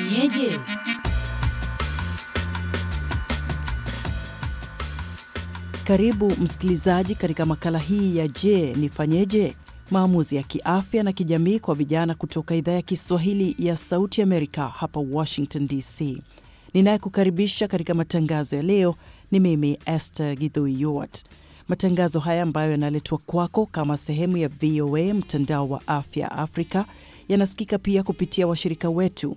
Fanyeje. Karibu msikilizaji katika makala hii ya Je, nifanyeje? Maamuzi ya kiafya na kijamii kwa vijana kutoka idhaa ya Kiswahili ya Sauti Amerika hapa Washington DC. Ninayekukaribisha katika matangazo ya leo ni mimi Esther Gidhuiyot. Matangazo haya ambayo yanaletwa kwako kama sehemu ya VOA mtandao wa afya Afrika yanasikika pia kupitia washirika wetu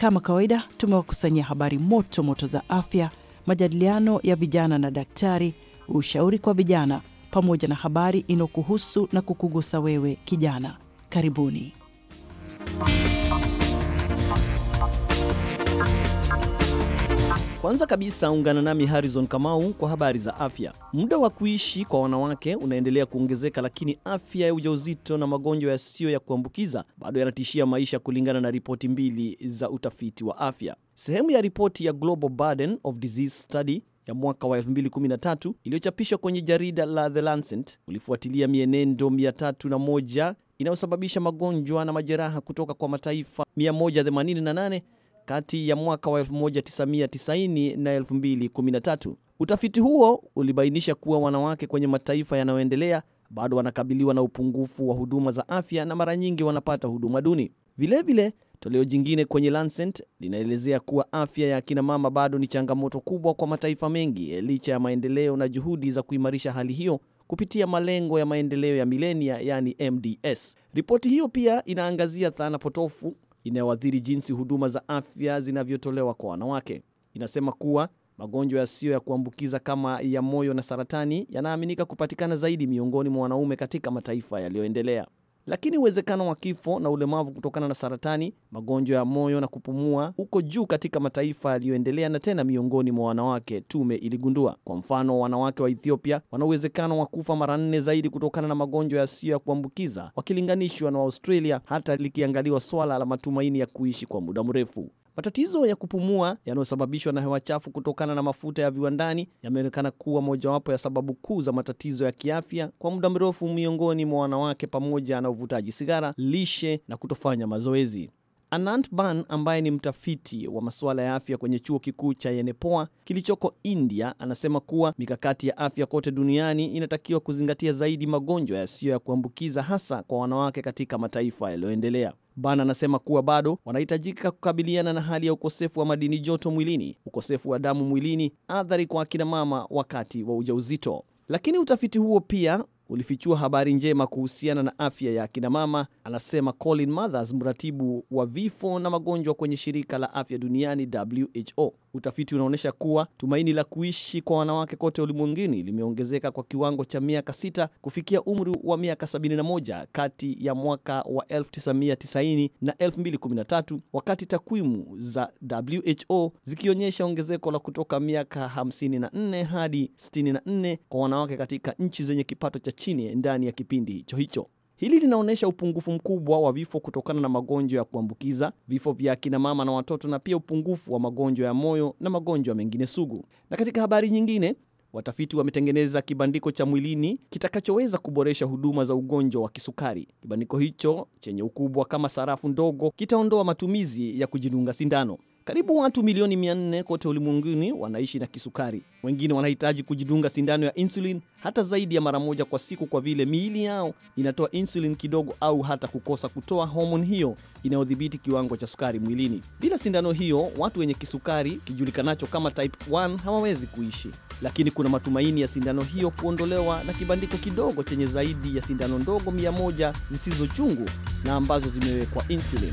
Kama kawaida, tumewakusanyia habari moto moto za afya, majadiliano ya vijana na daktari, ushauri kwa vijana, pamoja na habari inayokuhusu na kukugusa wewe kijana. Karibuni. Kwanza kabisa ungana nami Harrison Kamau kwa habari za afya. Muda wa kuishi kwa wanawake unaendelea kuongezeka, lakini afya ya ujauzito na magonjwa yasiyo ya kuambukiza bado yanatishia maisha, kulingana na ripoti mbili za utafiti wa afya. Sehemu ya ripoti ya Global Burden of Disease Study ya mwaka wa 2013 iliyochapishwa kwenye jarida la The Lancet ulifuatilia mienendo 301 inayosababisha magonjwa na majeraha kutoka kwa mataifa 188 kati ya mwaka wa 1990 na 2013. Utafiti huo ulibainisha kuwa wanawake kwenye mataifa yanayoendelea bado wanakabiliwa na upungufu wa huduma za afya na mara nyingi wanapata huduma duni. Vilevile, toleo jingine kwenye Lancet linaelezea kuwa afya ya akina mama bado ni changamoto kubwa kwa mataifa mengi licha ya maendeleo na juhudi za kuimarisha hali hiyo kupitia malengo ya maendeleo ya milenia, yani MDS. Ripoti hiyo pia inaangazia dhana potofu inayoathiri jinsi huduma za afya zinavyotolewa kwa wanawake. Inasema kuwa magonjwa yasiyo ya kuambukiza kama ya moyo na saratani yanaaminika kupatikana zaidi miongoni mwa wanaume katika mataifa yaliyoendelea lakini uwezekano wa kifo na ulemavu kutokana na saratani, magonjwa ya moyo na kupumua uko juu katika mataifa yaliyoendelea na tena miongoni mwa wanawake, tume iligundua. Kwa mfano, wanawake wa Ethiopia wana uwezekano wa kufa mara nne zaidi kutokana na magonjwa yasiyo ya kuambukiza wakilinganishwa na Australia, hata likiangaliwa swala la matumaini ya kuishi kwa muda mrefu. Matatizo ya kupumua yanayosababishwa na hewa chafu kutokana na mafuta ya viwandani yameonekana kuwa mojawapo ya sababu kuu za matatizo ya kiafya kwa muda mrefu miongoni mwa wanawake, pamoja na uvutaji sigara, lishe na kutofanya mazoezi. Anant Ban ambaye ni mtafiti wa masuala ya afya kwenye chuo kikuu cha Yenepoa kilichoko India anasema kuwa mikakati ya afya kote duniani inatakiwa kuzingatia zaidi magonjwa yasiyo ya kuambukiza hasa kwa wanawake katika mataifa yaliyoendelea. Ban anasema kuwa bado wanahitajika kukabiliana na hali ya ukosefu wa madini joto mwilini, ukosefu wa damu mwilini, athari kwa akina mama wakati wa ujauzito. Lakini utafiti huo pia ulifichua habari njema kuhusiana na afya ya akinamama, anasema Colin Mathers, mratibu wa vifo na magonjwa kwenye shirika la afya duniani WHO. Utafiti unaonyesha kuwa tumaini la kuishi kwa wanawake kote ulimwenguni limeongezeka kwa kiwango cha miaka sita kufikia umri wa miaka 71 kati ya mwaka wa 1990 na 2013, wakati takwimu za WHO zikionyesha ongezeko la kutoka miaka 54 hadi 64 kwa wanawake katika nchi zenye kipato cha chini ndani ya kipindi hicho hicho. Hili linaonyesha upungufu mkubwa wa vifo kutokana na magonjwa ya kuambukiza, vifo vya akina mama na watoto, na pia upungufu wa magonjwa ya moyo na magonjwa mengine sugu. Na katika habari nyingine, watafiti wametengeneza kibandiko cha mwilini kitakachoweza kuboresha huduma za ugonjwa wa kisukari. Kibandiko hicho chenye ukubwa kama sarafu ndogo kitaondoa matumizi ya kujidunga sindano. Karibu watu milioni 400 kote ulimwenguni wanaishi na kisukari. Wengine wanahitaji kujidunga sindano ya insulin hata zaidi ya mara moja kwa siku, kwa vile miili yao inatoa insulin kidogo au hata kukosa kutoa homoni hiyo inayodhibiti kiwango cha sukari mwilini. Bila sindano hiyo, watu wenye kisukari kijulikanacho kama type 1 hawawezi kuishi, lakini kuna matumaini ya sindano hiyo kuondolewa na kibandiko kidogo chenye zaidi ya sindano ndogo 100 zisizo chungu na ambazo zimewekwa insulin.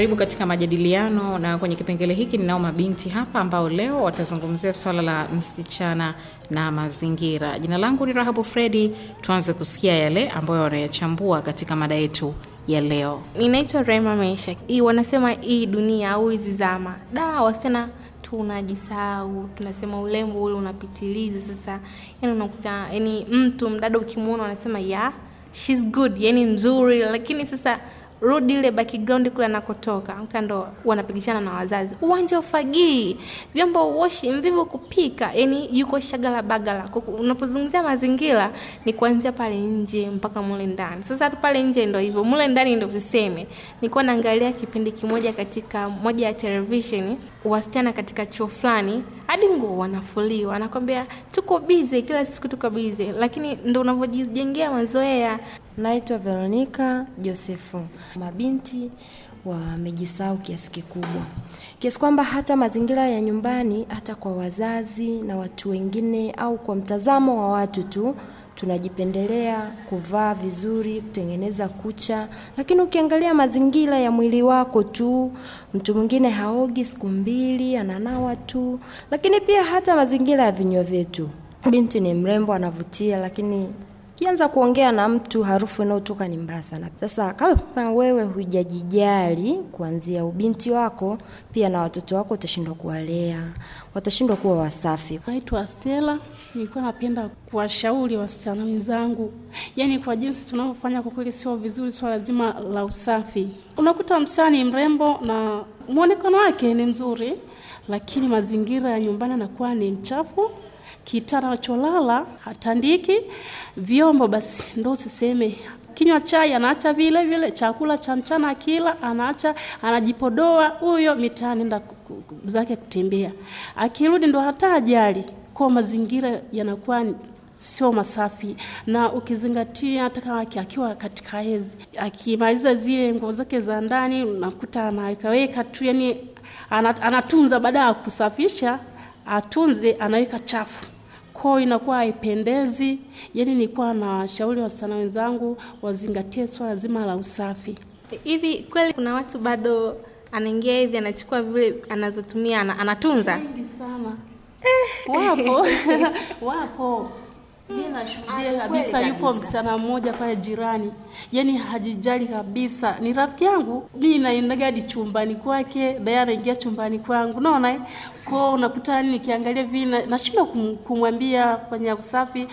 Karibu katika majadiliano, na kwenye kipengele hiki ninao mabinti hapa ambao leo watazungumzia swala la msichana na mazingira. Jina langu ni Rahabu Fredi. Tuanze kusikia yale ambayo wanayachambua katika mada yetu ya leo. Ninaitwa Rema maisha Hii wanasema hii dunia au hizi zama, da, wasichana tunajisahau, tunasema ulembo ule unapitiliza. Sasa yani unakuta yani mtu mdada ukimwona wanasema ya yeah, good, yani mzuri, lakini sasa rudi ile background kule anakotoka, mta ndo wanapigishana na wazazi, uwanja ufagii, vyombo uoshi, mvivu kupika, yani yuko shagala bagala. Unapozungumzia mazingira ni kuanzia pale nje mpaka mule ndani. Sasa pale nje ndo hivyo, mule ndani ndo tuseme. Nilikuwa naangalia kipindi kimoja katika moja ya television, wasichana katika chuo fulani, hadi nguo wanafuliwa, anakwambia tuko bize, kila siku tuko bize, lakini ndo unavyojijengea mazoea Naitwa Veronica Josefu. Mabinti wamejisahau kiasi kikubwa, kiasi kwamba hata mazingira ya nyumbani, hata kwa wazazi na watu wengine, au kwa mtazamo wa watu tu, tunajipendelea kuvaa vizuri, kutengeneza kucha, lakini ukiangalia mazingira ya mwili wako tu, mtu mwingine haogi siku mbili, ananawa tu, lakini pia hata mazingira ya vinywa vyetu Binti ni mrembo, anavutia, lakini ukianza kuongea na mtu harufu inayotoka ni mbaya sana. Sasa kama wewe hujajijali kuanzia ubinti wako, pia na watoto wako utashindwa kuwalea, watashindwa kuwa wasafi. Naitwa Stella, nilikuwa napenda kuwashauri wasichana wenzangu, yani kwa jinsi tunavyofanya kwa kweli sio vizuri swala zima la usafi. Unakuta msichana ni mrembo na mwonekano wake ni mzuri, lakini mazingira ya nyumbani anakuwa ni mchafu kitara cholala hatandiki, vyombo basi ndo siseme kinywa chai anaacha vile vile, chakula cha mchana akila anaacha, anajipodoa huyo mitaani nda zake kutembea, akirudi ndo hata ajali kwa mazingira yanakuwa sio masafi, na ukizingatia hata kama akiwa katika hezi akimaliza zile nguo zake za ndani nakuta anawekaweka tu, yani anatunza baada ya kusafisha atunze, anaweka chafu kwao, inakuwa haipendezi. Yani nilikuwa na washauri wasichana wenzangu wazingatie swala zima la usafi. Hivi kweli kuna watu bado anaingia hivi anachukua vile anazotumia anatunza? Wengi sana eh. Wapo wapo mimi nashuhudia kabisa, yupo msichana mmoja pale jirani, yaani hajijali kabisa, ni rafiki yangu. Mimi naendaga hadi chumbani kwake, naye anaingia chumbani kwangu, unaona eh? kwao. Unakuta yaani nikiangalia vile nashindwa kumwambia fanya usafi,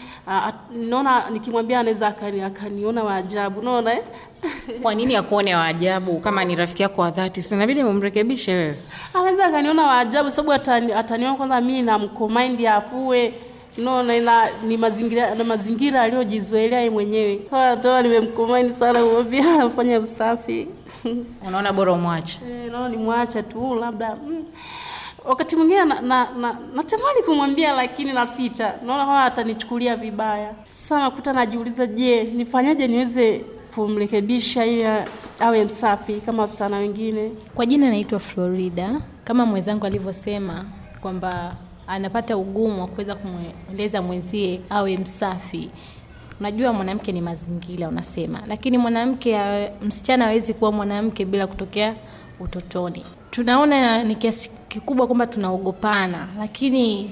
naona nikimwambia anaweza akaniona waajabu, unaona eh? Kwa nini akuone waajabu? Kama ni rafiki yako wa dhati, si mumrekebishe wewe. Anaweza akaniona waajabu, sababu ataniona kwanza mimi namkomaindi afue unaona, ila ni mazingira na mazingira aliyojizoelea yeye mwenyewe. Kwa toa nimemkomani sana kumwambia afanye usafi. Unaona bora umwache. Eh, naona mwacha tu labda mm. Wakati mwingine na, na, na, kumwambia lakini na sita, naona kama atanichukulia vibaya sana. Kuta najiuliza, je, nifanyaje niweze kumrekebisha ili awe msafi kama wasichana wengine. Kwa jina naitwa Florida, kama mwenzangu alivyosema kwamba anapata ugumu wa kuweza kumweleza mwenzie awe msafi. Unajua, mwanamke ni mazingira, unasema, lakini mwanamke, msichana hawezi kuwa mwanamke bila kutokea utotoni. Tunaona ni kiasi kikubwa kwamba tunaogopana, lakini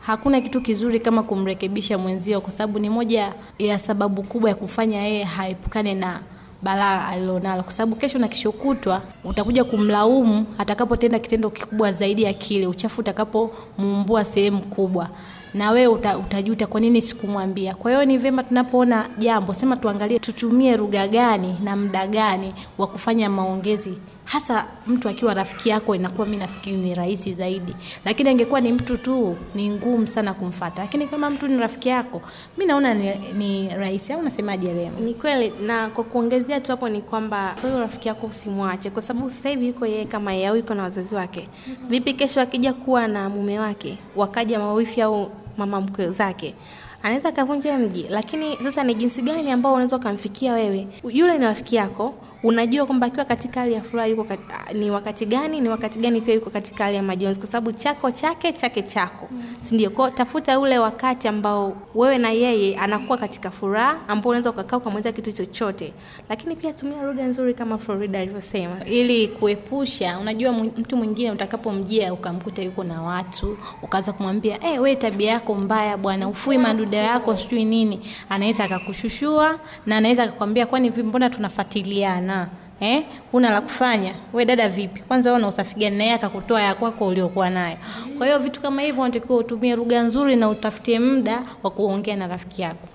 hakuna kitu kizuri kama kumrekebisha mwenzio, kwa sababu ni moja ya sababu kubwa ya kufanya yeye haepukane na balaa alilonalo, kwa sababu kesho na kesho kutwa utakuja kumlaumu atakapotenda kitendo kikubwa zaidi ya kile, uchafu utakapomuumbua sehemu kubwa na wewe uta, utajuta kwa nini sikumwambia. Kwa hiyo ni vyema tunapoona jambo sema, tuangalie tutumie lugha gani na muda gani wa kufanya maongezi hasa mtu akiwa rafiki yako, inakuwa mi nafikiri ni rahisi zaidi, lakini angekuwa ni mtu tu, ni ngumu sana kumfata. Lakini kama mtu ni rafiki yako, mi naona ni, ni rahisi, au unasemaje Rema? Ni kweli, na kwa kuongezea tu hapo ni kwamba huyo rafiki yako usimwache, kwa sababu sasahivi yuko yeye kama yeye au iko na wazazi wake. Mm-hmm. Vipi kesho akija kuwa na mume wake, wakaja mawifi au mama mkwe zake anaweza akavunja mji, lakini sasa ni jinsi gani ambao unaweza ukamfikia wewe? Yule ni rafiki yako, unajua kwamba akiwa katika hali ya furaha yuko kat, ni wakati gani, ni wakati gani pia yuko katika hali ya majonzi, kwa sababu chako chake chake chako, mm. si ndio? tafuta ule wakati ambao wewe na yeye anakuwa katika furaha, ambao unaweza ukakaa ukamweleza kitu chochote, lakini pia tumia lugha nzuri kama Florida alivyosema, ili kuepusha, unajua mtu mwingine utakapomjia ukamkuta yuko na watu, ukaanza kumwambia eh, hey, we tabia yako mbaya bwana, ufui maduda yako sijui nini, anaweza akakushushua na anaweza akakwambia kwani mbona tunafuatiliana sanaa eh, huna la kufanya we dada, vipi? Kwanza wewe una usafi gani? Naye akakutoa ya kwako uliokuwa nayo. Kwa hiyo vitu kama hivyo unatakiwa utumie lugha nzuri na utafutie muda wa kuongea na rafiki yako.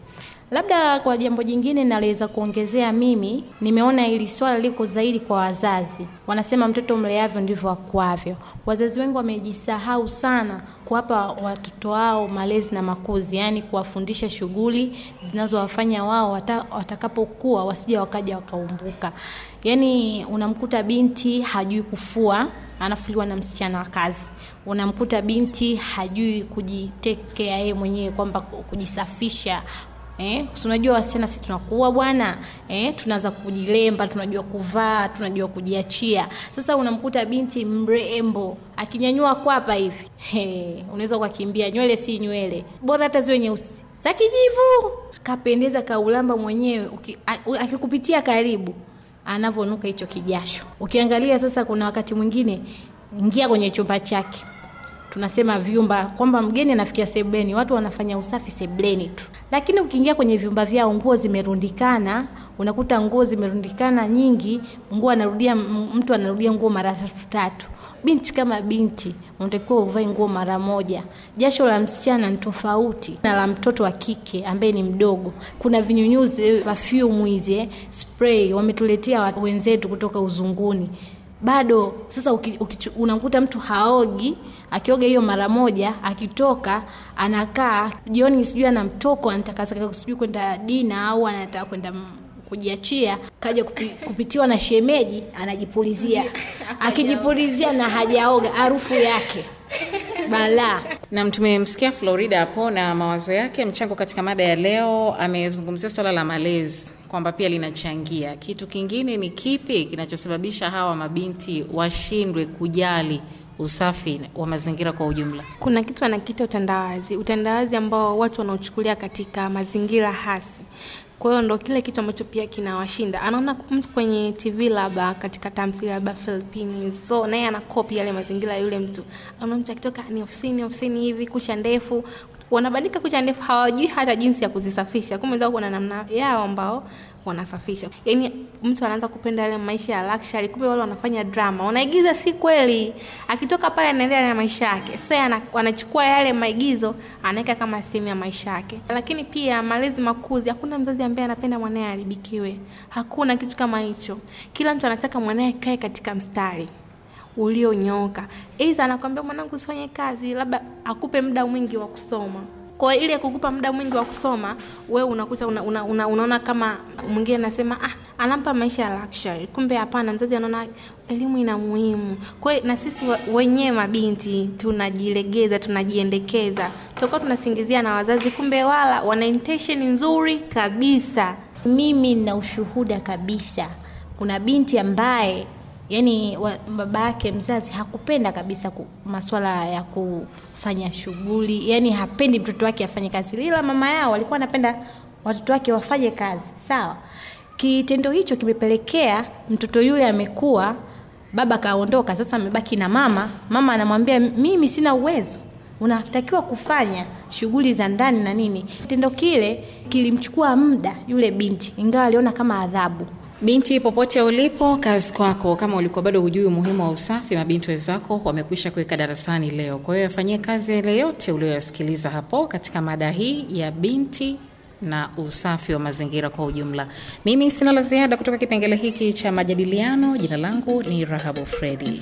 Labda kwa jambo jingine naweza kuongezea, mimi nimeona hili swala liko zaidi kwa wazazi. Wanasema mtoto mleavyo ndivyo akuavyo. Wazazi wengi wamejisahau sana kuwapa watoto wao malezi na makuzi, yaani kuwafundisha shughuli zinazowafanya wao wata, watakapokuwa wasija wakaja wakaumbuka. Yaani unamkuta binti hajui kufua anafuliwa na msichana wa kazi. Unamkuta binti hajui kujitekea yeye mwenyewe, kwamba kujisafisha, eh, unajua wasichana sisi tunakuwa bwana eh, tunaanza kujilemba, tunajua kuvaa, tunajua kujiachia. Sasa unamkuta binti mrembo akinyanyua kwapa hivi, hey, unaweza ukakimbia, nywele si nywele, bora hata ziwe nyeusi za kijivu, kapendeza, kaulamba mwenyewe, akikupitia karibu anavonuka hicho kijasho. Ukiangalia sasa, kuna wakati mwingine ingia kwenye chumba chake tunasema vyumba, kwamba mgeni anafikia sebleni, watu wanafanya usafi sebleni tu, lakini ukiingia kwenye vyumba vyao, nguo zimerundikana, unakuta nguo zimerundikana nyingi, nguo anarudia, mtu anarudia nguo mara tatu tatu. Binti kama binti, unatakiwa uvae nguo mara moja. Jasho la msichana ni tofauti na la mtoto wa kike ambaye ni mdogo. Kuna vinyunyuzi, perfume hizi, eh, spray wametuletea wenzetu kutoka uzunguni bado sasa uki, uki, unamkuta mtu haogi, akioga hiyo mara moja, akitoka anakaa jioni, sijui ana mtoko, anatakasaka sijui kwenda dina au anataka kwenda kujiachia, kaja kupi, kupitiwa na shemeji, anajipulizia akijipulizia na hajaoga, harufu yake balaa. Na tumemsikia Florida hapo na mawazo yake, mchango katika mada ya leo. Amezungumzia swala la malezi kwamba pia linachangia. Kitu kingine ni kipi kinachosababisha hawa mabinti washindwe kujali usafi wa mazingira kwa ujumla? Kuna kitu anakita utandawazi, utandawazi ambao watu wanaochukulia katika mazingira hasi kwa hiyo ndo kile kitu ambacho pia kinawashinda. Anaona mtu kwenye TV labda katika tamthilia labda Philippines, so naye anakopi yale mazingira ya yule mtu. Anaona mtu akitoka ni ofisini, ofisini hivi, kucha ndefu, wanabandika kucha ndefu, hawajui hata jinsi ya kuzisafisha. Kumbe kuna namna yao ambao wanasafisha. Yaani mtu anaanza kupenda yale maisha ya luxury, kumbe wale wanafanya drama, wanaigiza, si kweli. Akitoka pale anaendelea na maisha yake. Sasa anachukua yale maigizo anaweka kama sehemu ya maisha yake. Lakini pia malezi, makuzi, hakuna mzazi ambaye anapenda mwanae aribikiwe Hakuna kitu kama hicho. Kila mtu anataka mwanae kae katika mstari ulionyoka iza anakwambia mwanangu, usifanye kazi, labda akupe muda mwingi wa kusoma. Kwa ili kukupa muda mwingi wa kusoma, wewe unakuta una, una, una, unaona kama mwingine anasema ah, anampa maisha ya luxury, kumbe hapana. Mzazi anaona elimu ina muhimu. Kwa na sisi wenyewe mabinti tunajilegeza, tunajiendekeza, tutakuwa tunasingizia na wazazi, kumbe wala wana intention nzuri kabisa. Mimi nina ushuhuda kabisa, kuna binti ambaye yani baba yake mzazi hakupenda kabisa maswala ya kufanya shughuli, yani hapendi mtoto wake afanye kazi, lila mama yao walikuwa anapenda watoto wake wafanye kazi, sawa. Kitendo hicho kimepelekea mtoto yule amekuwa, baba kaondoka, sasa amebaki na mama. Mama anamwambia mimi sina uwezo, unatakiwa kufanya shughuli za ndani na nini. Kitendo kile kilimchukua muda yule binti, ingawa aliona kama adhabu Binti, popote ulipo, kazi kwako. Kama ulikuwa bado hujui umuhimu wa usafi, mabinti wenzako wamekwisha kuweka darasani leo. Kwa hiyo yafanyie kazi yale yote ulioyasikiliza hapo katika mada hii ya binti na usafi wa mazingira kwa ujumla. Mimi sina la ziada kutoka kipengele hiki cha majadiliano. Jina langu ni Rahabu Fredi.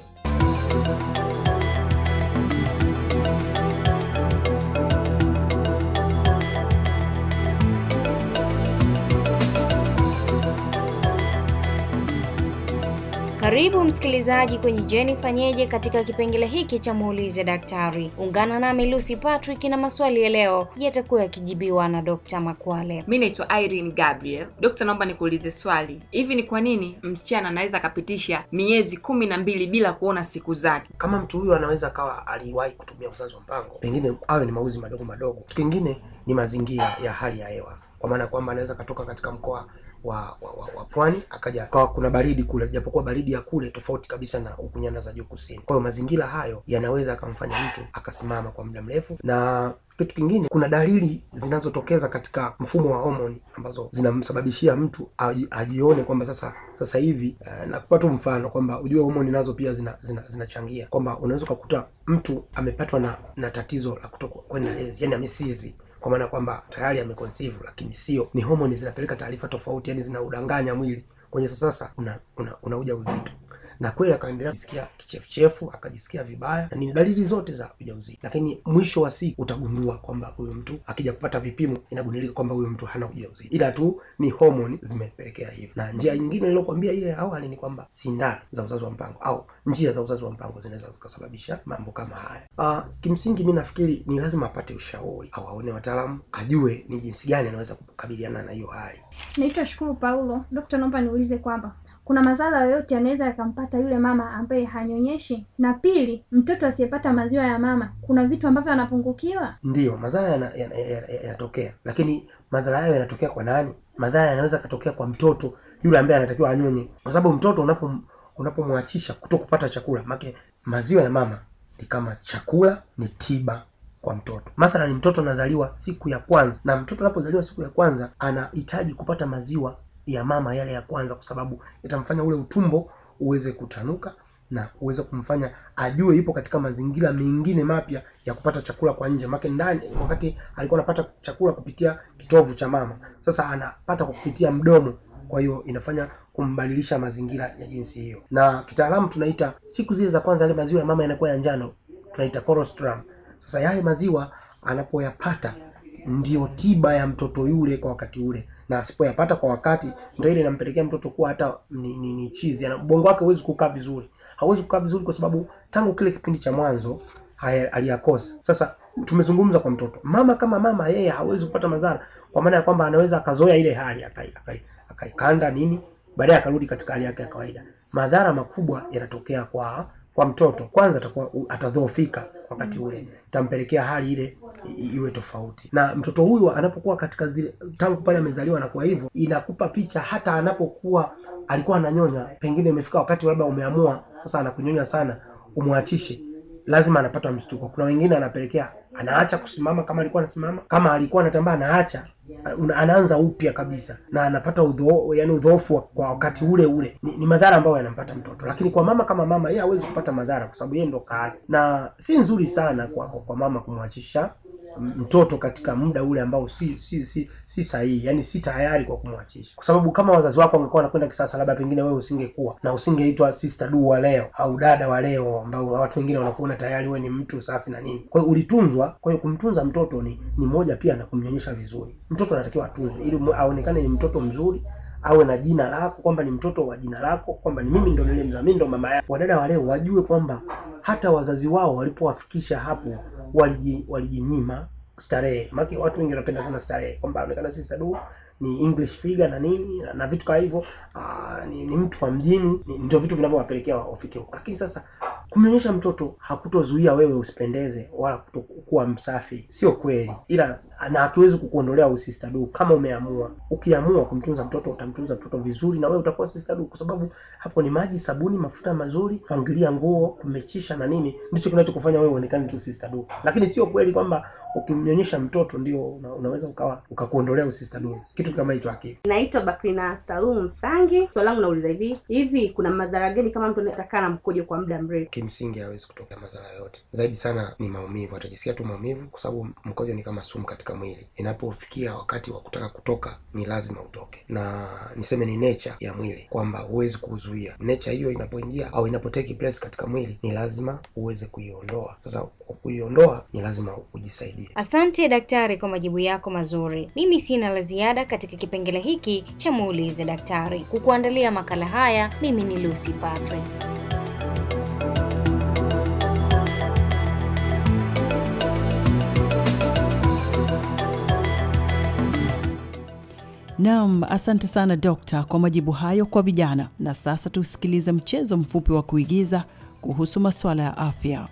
Karibu msikilizaji kwenye Jeni Fanyeje katika kipengele hiki cha muulize daktari. Ungana nami Lucy Patrick na maswali ya leo yatakuwa yakijibiwa na Dr. Makwale. Mimi naitwa Irene Gabriel. Dokta, naomba nikuulize swali. Hivi ni kwa nini msichana anaweza akapitisha miezi kumi na mbili bila kuona siku zake? Kama mtu huyu anaweza akawa aliwahi kutumia uzazi wa mpango, pengine hayo ni mauzi madogo madogo. Kitu kingine ni mazingira ya hali ya hewa, kwa maana kwamba anaweza katoka katika mkoa wa, wa, wa, wa pwani akaja kwa kuna baridi kule, japokuwa baridi ya kule tofauti kabisa na huku nyanda za juu kusini. Kwa hiyo mazingira hayo yanaweza akamfanya mtu akasimama kwa muda mrefu na kitu kingine, kuna dalili zinazotokeza katika mfumo wa homoni ambazo zinamsababishia mtu ajione kwamba sasa sasa hivi uh, nakupa tu mfano kwamba ujue homoni nazo pia zinachangia zina, zina kwamba unaweza ukakuta mtu amepatwa na na tatizo la kutokwenda hedhi, yani amesizi kwa maana kwamba tayari ameconceive, lakini sio. Ni homoni zinapeleka taarifa tofauti, yani zinaudanganya mwili kwenye sasa una, una, una uja uzito na kweli akaendelea kujisikia kichefuchefu, akajisikia vibaya, na ni dalili zote za ujauzito. Lakini mwisho wa siku utagundua kwamba huyu mtu akija kupata vipimo inagundulika kwamba huyu mtu hana ujauzito, ila tu ni homoni zimepelekea hivyo. Na njia nyingine nilokuambia ile awali ni kwamba sindano za uzazi wa mpango au njia za uzazi wa mpango zinaweza zikasababisha mambo kama haya. Uh, kimsingi mi nafikiri ni lazima apate ushauri au aone wataalamu, ajue ni jinsi gani anaweza kukabiliana na hiyo hali. Naitwa Shukuru Paulo. Dokta, naomba niulize kwamba kuna madhara yoyote yanaweza yakampata yule mama ambaye hanyonyeshi? Na pili, mtoto asiyepata maziwa ya mama, kuna vitu ambavyo anapungukiwa. Ndiyo, madhara yanatokea yana, yana, lakini madhara hayo yanatokea kwa nani? Madhara yanaweza katokea kwa mtoto yule ambaye anatakiwa anyonye, kwa sababu mtoto unapomwachisha kuto kupata chakula, make maziwa ya mama ni kama chakula, ni tiba kwa mtoto. Mathalani, mtoto anazaliwa siku ya kwanza, na mtoto anapozaliwa siku ya kwanza anahitaji kupata maziwa ya mama yale ya kwanza, kwa sababu itamfanya ule utumbo uweze kutanuka na uweze kumfanya ajue ipo katika mazingira mengine mapya ya kupata chakula kwa nje. Maana ndani wakati alikuwa anapata chakula kupitia kitovu cha mama, sasa anapata kupitia mdomo. Kwa hiyo inafanya kumbadilisha mazingira ya jinsi hiyo, na kitaalamu tunaita siku zile za kwanza, yale maziwa ya mama yanakuwa ya njano, tunaita colostrum. Sasa yale maziwa anapoyapata ndiyo tiba ya mtoto yule kwa wakati ule na asipoyapata kwa wakati, ndio ile inampelekea mtoto kuwa hata ni, ni, ni chizi, na yaani ubongo wake huwezi kukaa vizuri, hauwezi kukaa vizuri kwa sababu tangu kile kipindi cha mwanzo aliyakosa. Sasa tumezungumza kwa mtoto, mama kama mama, yeye hawezi kupata madhara, kwa maana ya kwamba anaweza akazoea ile hali akaikanda nini, baadaye akarudi katika hali yake ya kawaida. Madhara makubwa yanatokea kwa kwa mtoto kwanza atakuwa atadhoofika wakati ule, tampelekea hali ile iwe tofauti. Na mtoto huyu anapokuwa katika zile, tangu pale amezaliwa anakuwa hivyo, inakupa picha hata anapokuwa alikuwa ananyonya, pengine imefika wakati labda umeamua sasa anakunyonya sana, umwachishe, lazima anapata mshtuko. Kuna wengine anapelekea anaacha kusimama kama alikuwa anasimama, kama alikuwa anatambaa anaacha, anaanza upya kabisa na anapata udho, yani udhoofu kwa wakati ule ule. Ni, ni madhara ambayo yanampata mtoto, lakini kwa mama kama mama, yeye hawezi kupata madhara kwa sababu yeye ndo kaa, na si nzuri sana kwa, kwa, kwa mama kumwachisha mtoto katika muda ule ambao si si si, si sahihi, yani si tayari kwa kumwachisha, kwa sababu kama wazazi wako wangekuwa wanakwenda kisasa, labda pengine wewe usingekuwa na usingeitwa sister du wa leo au dada wa leo, ambao watu wengine wanakuona tayari wewe ni mtu safi na nini, kwa hiyo ulitunzwa kutunzwa. Kwa hiyo kumtunza mtoto ni, ni moja pia na kumnyonyesha vizuri. Mtoto anatakiwa atunzwe ili aonekane ni mtoto mzuri, awe na jina lako, kwamba ni mtoto wa jina lako, kwamba ni mimi ndo nilimzaa, mimi ndo mama yako. Wadada wale wajue kwamba hata wazazi wao walipowafikisha hapo waliji, walijinyima starehe. Maki watu wengi wanapenda sana starehe, kwamba aonekana sisi sadu ni English figure na nini na, na vitu kama hivyo ah, ni, ni mtu wa mjini, ndio vitu vinavyowapelekea wafike huko. Lakini sasa kumnyonyesha mtoto hakutozuia wewe usipendeze wala kutokuwa msafi, sio kweli, ila na hakiwezi kukuondolea usistadu. Kama umeamua, ukiamua kumtunza mtoto utamtunza mtoto vizuri, na wewe utakuwa sistadu, kwa sababu hapo ni maji, sabuni, mafuta mazuri, pangilia nguo, kumechisha na nini, ndicho kinachokufanya wewe uonekane tu sistadu. Lakini sio kweli kwamba ukimnyonyesha mtoto ndio una, unaweza ukawa ukakuondolea usistadu kitu kitu kama hicho hakika. Naitwa Bakrina Salum Sangi, swali langu nauliza hivi hivi, kuna madhara gani kama mtu atakaa na mkojo kwa muda mrefu? Kimsingi hawezi kutokea madhara yoyote, zaidi sana ni maumivu, atajisikia tu maumivu, kwa sababu mkojo ni kama sumu katika mwili. Inapofikia wakati wa kutaka kutoka, ni lazima utoke, na niseme ni nature ya mwili kwamba huwezi kuzuia. Nature hiyo inapoingia au inapoteki place katika mwili, ni lazima uweze kuiondoa. Sasa kwa kuiondoa, ni lazima ujisaidie. Asante daktari kwa majibu yako mazuri. Mimi sina la ziada katika kipengele hiki cha muulize daktari. Kukuandalia makala haya mimi ni Lucy Patrick. Naam, asante sana dokta kwa majibu hayo kwa vijana. Na sasa tusikilize mchezo mfupi wa kuigiza kuhusu masuala ya afya.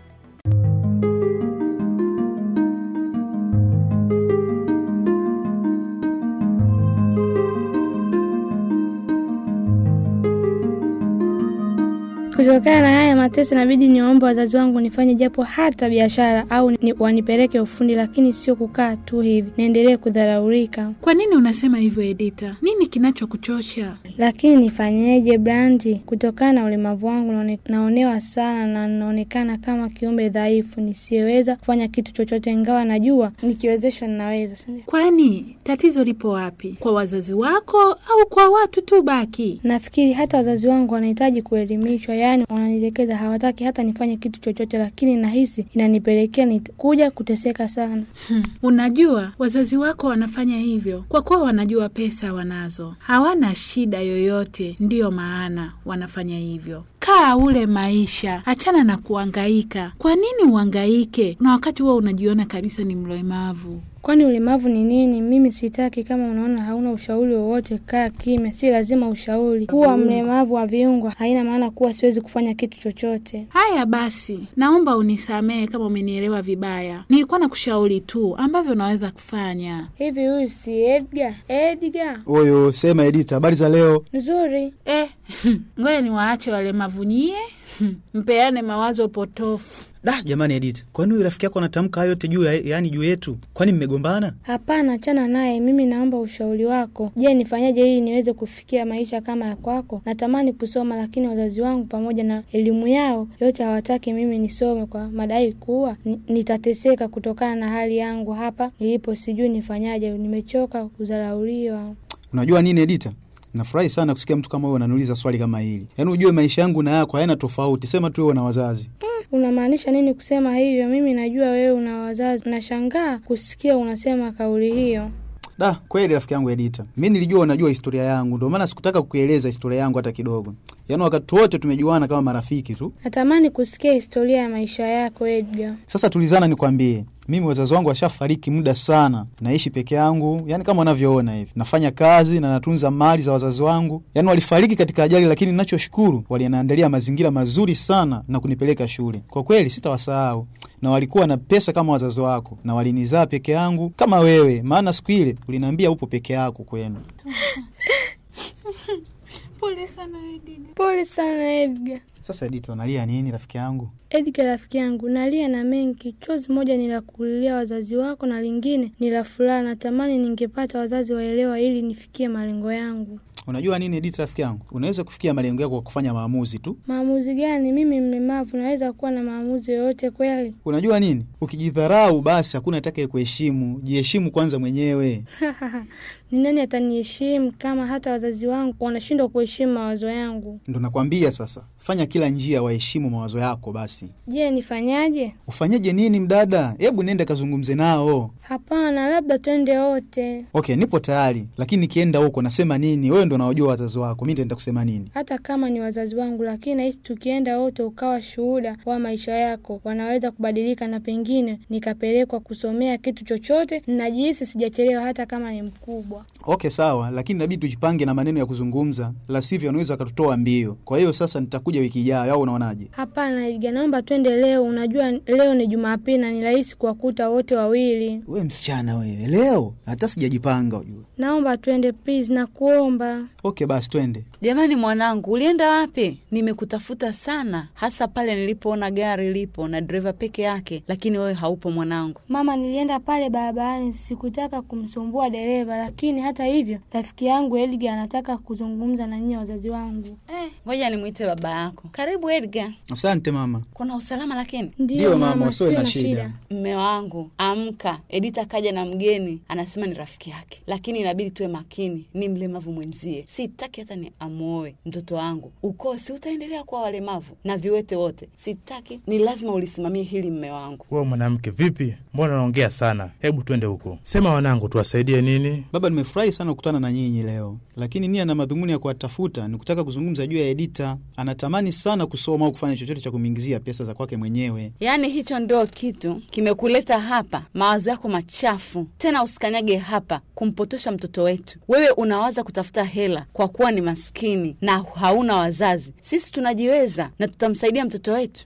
Kutokana na haya mateso, inabidi niombe wazazi wangu nifanye japo hata biashara au ni, wanipeleke ufundi, lakini sio kukaa tu hivi niendelee kudharaulika. Kwa nini unasema hivyo Edita? Nini kinachokuchosha? Lakini nifanyeje Brandi? Kutokana na ulemavu wangu naonewa sana na naonekana kama kiumbe dhaifu nisiyeweza kufanya kitu chochote, ingawa najua nikiwezeshwa ninaweza. Kwani tatizo lipo wapi? Kwa wazazi wako au kwa watu tu baki? Nafikiri hata wazazi wangu wanahitaji kuelimishwa, yaani wananielekeza, hawataki hata nifanye kitu chochote, lakini nahisi inanipelekea kuja kuteseka sana. Hmm. Unajua wazazi wako wanafanya hivyo kwa kuwa wanajua pesa wanazo, hawana shida yoyote, ndiyo maana wanafanya hivyo. Kaa ule maisha, achana na kuangaika. Kwa nini uangaike na wakati huo unajiona kabisa ni mlemavu? Kwani ulemavu ni nini? Mimi sitaki. Kama unaona hauna ushauri wowote, kaa kimya, si lazima ushauri. Kuwa mlemavu wa viungo haina maana kuwa siwezi kufanya kitu chochote. Haya basi, naomba unisamehe kama umenielewa vibaya, nilikuwa na kushauri tu ambavyo unaweza kufanya. Hivi huyu si edga edga huyu, sema Edita, habari za leo? Nzuri eh. Ngoja niwaache walemavu nyie mpeane mawazo potofu. Da jamani, Edith, kwani huyu rafiki yako anatamka hayo yote juu ya, yaani juu yetu? Kwani mmegombana? Hapana, chana naye. Mimi naomba ushauri wako. Je, nifanyaje ili niweze kufikia maisha kama ya kwako? Natamani kusoma, lakini wazazi wangu pamoja na elimu yao yote hawataki mimi nisome kwa madai kuwa nitateseka kutokana na hali yangu hapa nilipo. Sijui nifanyaje, nimechoka kuzarauliwa Unajua nini Edita? Nafurahi sana kusikia mtu kama huyo unaniuliza swali kama hili. Yaani ujue maisha yangu na yako hayana tofauti, sema tu wewe una wazazi. Mm, unamaanisha nini kusema hivyo? Mimi najua wewe una wazazi, nashangaa kusikia unasema kauli hiyo. Da, kweli rafiki yangu Edita, mi nilijua unajua historia yangu, ndio maana sikutaka kukueleza historia yangu hata kidogo. Yaani wakati wote tumejuana kama marafiki tu. Natamani kusikia historia ya maisha yako edga Sasa tulizana, nikwambie mimi wazazi wangu washafariki muda sana, naishi peke yangu, yani kama unavyoona hivi, nafanya kazi na natunza mali za wazazi wangu. Yani walifariki katika ajali, lakini ninachoshukuru waliniandalia mazingira mazuri sana na kunipeleka shule. Kwa kweli sitawasahau, na walikuwa na pesa kama wazazi wako, na walinizaa peke yangu kama wewe, maana siku ile uliniambia upo peke yako kwenu Pole sana Edgar. Pole sana Edgar. Sasa Edith, wanalia nini rafiki yangu? Edgar rafiki yangu, nalia na mengi. Chozi moja ni la kulilia wazazi wako na lingine ni la furaha. Natamani ningepata wazazi waelewa ili nifikie malengo yangu. Unajua nini Edith, rafiki yangu, unaweza kufikia malengo yako kwa kufanya maamuzi tu. Maamuzi gani? Mimi mlemavu, naweza kuwa na maamuzi yoyote kweli? Unajua nini, ukijidharau basi hakuna atakaye kuheshimu. Jiheshimu kwanza mwenyewe. Ni nani ataniheshimu kama hata wazazi wangu wanashindwa kuheshimu mawazo yangu? Ndo nakwambia sasa Fanya kila njia waheshimu mawazo yako. Basi je, nifanyaje? ufanyaje nini mdada? Hebu nenda kazungumze nao. Hapana, labda twende wote. Okay, nipo tayari, lakini nikienda huko nasema nini? Wewe ndo naojua wazazi wako, mi ntaenda kusema nini? Hata kama ni wazazi wangu, lakini nahisi tukienda wote ukawa shuhuda wa maisha yako, wanaweza kubadilika na pengine nikapelekwa kusomea kitu chochote. Najihisi sijachelewa hata kama ni mkubwa. Okay, sawa, lakini nabidi tujipange na maneno ya kuzungumza, la sivyo wanaweza wakatutoa mbio. Kwa hiyo sasa nitaku itakuja wiki ijayo au unaonaje? Hapana Iga, naomba twende leo. Unajua leo ni Jumapili na ni rahisi kuwakuta wote wawili. We msichana wewe, leo hata sijajipanga ujue. Naomba twende please, nakuomba. Okay basi twende. Jamani mwanangu, ulienda wapi? Nimekutafuta sana, hasa pale nilipoona gari lipo na dreva peke yake, lakini wewe haupo mwanangu. Mama, nilienda pale barabarani, sikutaka kumsumbua dereva, lakini hata hivyo rafiki yangu Edgar anataka kuzungumza na nyinyi wazazi wangu. Eh, ngoja nimwite baba yako. Karibu Edgar. Asante mama. Kuna usalama lakini? Ndio mama, sio na shida. Mme wangu amka. Edita kaja na mgeni, anasema ni rafiki yake, lakini inabidi tuwe makini, ni mlemavu mwenzie. Sitaki hata ni amwoe mtoto wangu. Ukosi utaendelea kuwa walemavu na viwete wote, sitaki. Ni lazima ulisimamie hili mme wangu. Wewe mwanamke vipi? Mbona unaongea sana? Hebu twende huko. Sema wanangu, tuwasaidie nini? Baba, nimefurahi sana kukutana na nyinyi leo, lakini nia na madhumuni ya kuwatafuta ni kutaka kuzungumza juu ya Edita anata hatamani sana kusoma au kufanya chochote cha kumingizia pesa za kwake mwenyewe. Yaani hicho ndio kitu kimekuleta hapa, mawazo yako machafu. Tena usikanyage hapa kumpotosha mtoto wetu. Wewe unawaza kutafuta hela kwa kuwa ni maskini na hauna wazazi. Sisi tunajiweza na tutamsaidia mtoto wetu.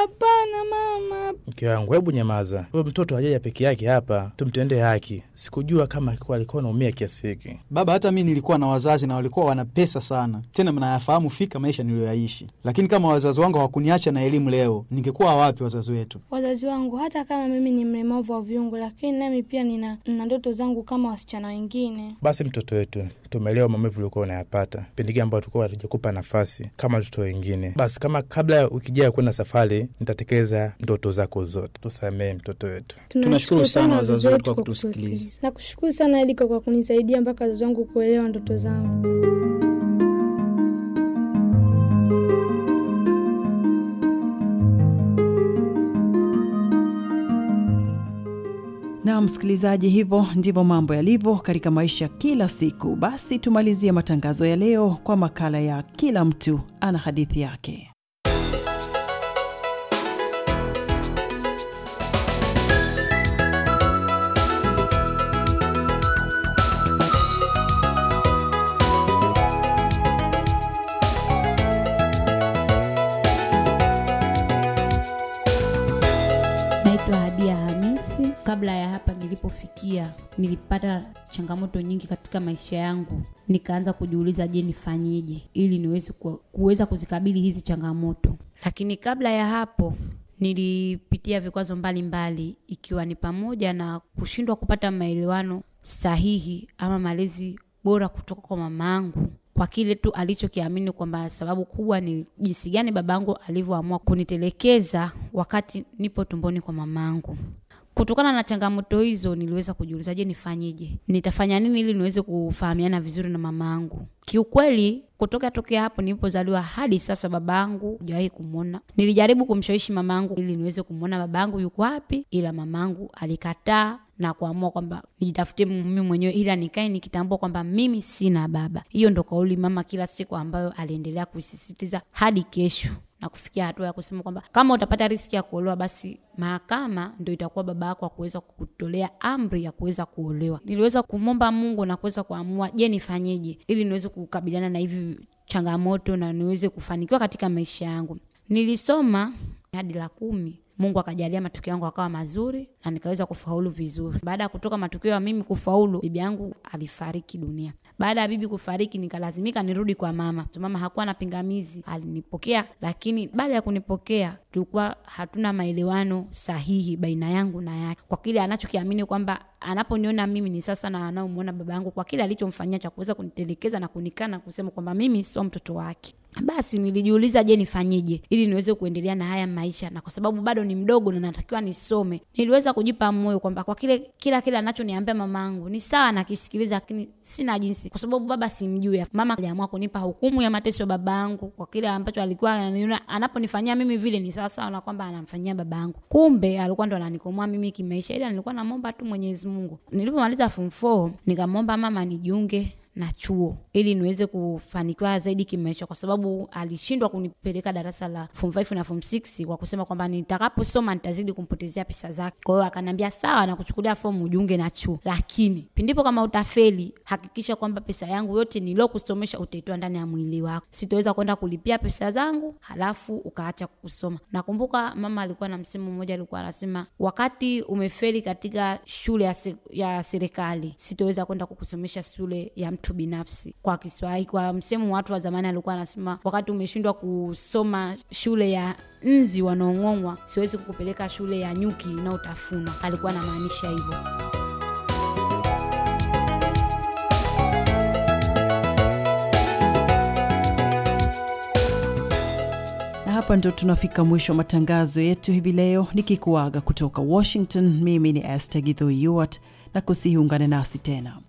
Hapana mama. Mke wangu, hebu nyamaza. Huyo mtoto hajaja peke yake hapa, tumtende haki. Sikujua kama alikuwa alikuwa anaumia kiasi hiki. Baba, hata mi nilikuwa na wazazi na walikuwa wana pesa sana, tena mnayafahamu fika maisha niliyoyaishi, lakini kama wazazi wangu hawakuniacha na elimu leo, ningekuwa wapi wazazi wetu? Wazazi wangu, hata kama mimi ni mlemavu wa viungo, lakini nami pia nina ndoto zangu kama wasichana wengine. Basi mtoto wetu, tumeelewa maumivu uliokuwa unayapata pindi kile ambayo tulikuwa hatujakupa nafasi kama watoto wengine. Basi kama kabla ukijaa kwenda safari nitatekeleza ndoto zako zote. Tusamee mtoto wetu. Tunashukuru sana wazazi wetu kwa kutusikiliza. Nakushukuru sana Eliko kwa kunisaidia mpaka wazazi wangu kuelewa ndoto zangu. Na msikilizaji, hivyo ndivyo mambo yalivyo katika maisha kila siku. Basi tumalizie matangazo ya leo kwa makala ya kila mtu ana hadithi yake. nilipata changamoto nyingi katika maisha yangu, nikaanza kujiuliza, je, nifanyije ili niweze kuweza kuzikabili hizi changamoto. Lakini kabla ya hapo nilipitia vikwazo mbalimbali, ikiwa ni pamoja na kushindwa kupata maelewano sahihi ama malezi bora kutoka kwa mamaangu kwa kile tu alichokiamini kwamba sababu kubwa ni jinsi gani babangu alivyoamua kunitelekeza wakati nipo tumboni kwa mamangu. Kutokana na changamoto hizo, niliweza kujiuliza, je, nifanyije Nitafanya nini ili niweze kufahamiana vizuri na mamangu? Kiukweli, kutoka tokea hapo nilipozaliwa hadi sasa babangu hujawahi kumwona. Nilijaribu kumshawishi mamangu ili niweze kumwona babangu yuko wapi, ila mamangu alikataa na kuamua kwamba nijitafutie mimi mwenyewe, ila nikae nikitambua kwamba mimi sina baba. Hiyo ndo kauli mama kila siku ambayo aliendelea kuisisitiza hadi kesho na kufikia hatua ya kusema kwamba kama utapata riski ya kuolewa, basi mahakama ndio itakuwa baba yako akuweza kukutolea amri ya kuweza kuolewa. Niliweza kumwomba Mungu na kuweza kuamua, je, nifanyeje ili niweze kukabiliana na hivi changamoto na niweze kufanikiwa katika maisha yangu. Nilisoma hadi la kumi Mungu akajalia matukio yangu akawa mazuri na nikaweza kufaulu vizuri. Baada ya kutoka matukio ya mimi kufaulu, bibi yangu alifariki dunia. Baada ya bibi kufariki, nikalazimika nirudi kwa mama. Mama hakuwa na pingamizi, alinipokea, lakini baada ya kunipokea tulikuwa hatuna maelewano sahihi baina yangu na yake, kwa kile anachokiamini kwamba anaponiona mimi ni sasa na anaomwona baba yangu, kwa kile alichomfanyia cha kuweza kunitelekeza na kunikana kusema kwamba mimi sio mtoto wake. Basi nilijiuliza, je, nifanyije ili niweze kuendelea na haya maisha, na kwa sababu bado ni mdogo na natakiwa nisome, niliweza kujipa moyo kwamba kwa kile kila kile anachoniambia mama yangu ni sawa, nakisikiliza, lakini sina jinsi, kwa sababu baba simjui. Mama aliamua kunipa hukumu ya mateso ya baba yangu kwa kile ambacho alikuwa anaponifanyia mimi vile ni sawa sawa sawa na kwamba anamfanyia baba yangu, kumbe alikuwa ndo ananikomoa mimi kimaisha, ila nilikuwa namomba tu Mwenyezi Mungu. nilivyomaliza form nikamomba nikamwomba mama nijunge na chuo ili niweze kufanikiwa zaidi kimaisha, kwa sababu alishindwa kunipeleka darasa la form 5 na form 6 kwa kusema kwamba nitakaposoma nitazidi kumpotezea pesa zake. Kwa hiyo akaniambia sawa, na kuchukulia fomu ujiunge na chuo, lakini pindipo kama utafeli, hakikisha kwamba pesa yangu yote nilokusomesha utaitoa ndani ya mwili wako. Sitoweza kwenda kulipia pesa zangu halafu ukaacha kusoma. Nakumbuka mama alikuwa na msimu mmoja, alikuwa anasema wakati umefeli katika shule ya serikali, sitoweza kwenda kukusomesha shule ya mtu mtu binafsi kwa Kiswahili. Kwa msemo watu wa zamani alikuwa anasema, wakati umeshindwa kusoma shule ya nzi wanaong'ong'wa, siwezi kukupeleka shule ya nyuki inayotafunwa. Alikuwa anamaanisha hivyo. Hapa ndo tunafika mwisho wa matangazo yetu hivi leo, nikikuaga kutoka Washington. Mimi ni este Githo na kusihi ungane nasi tena.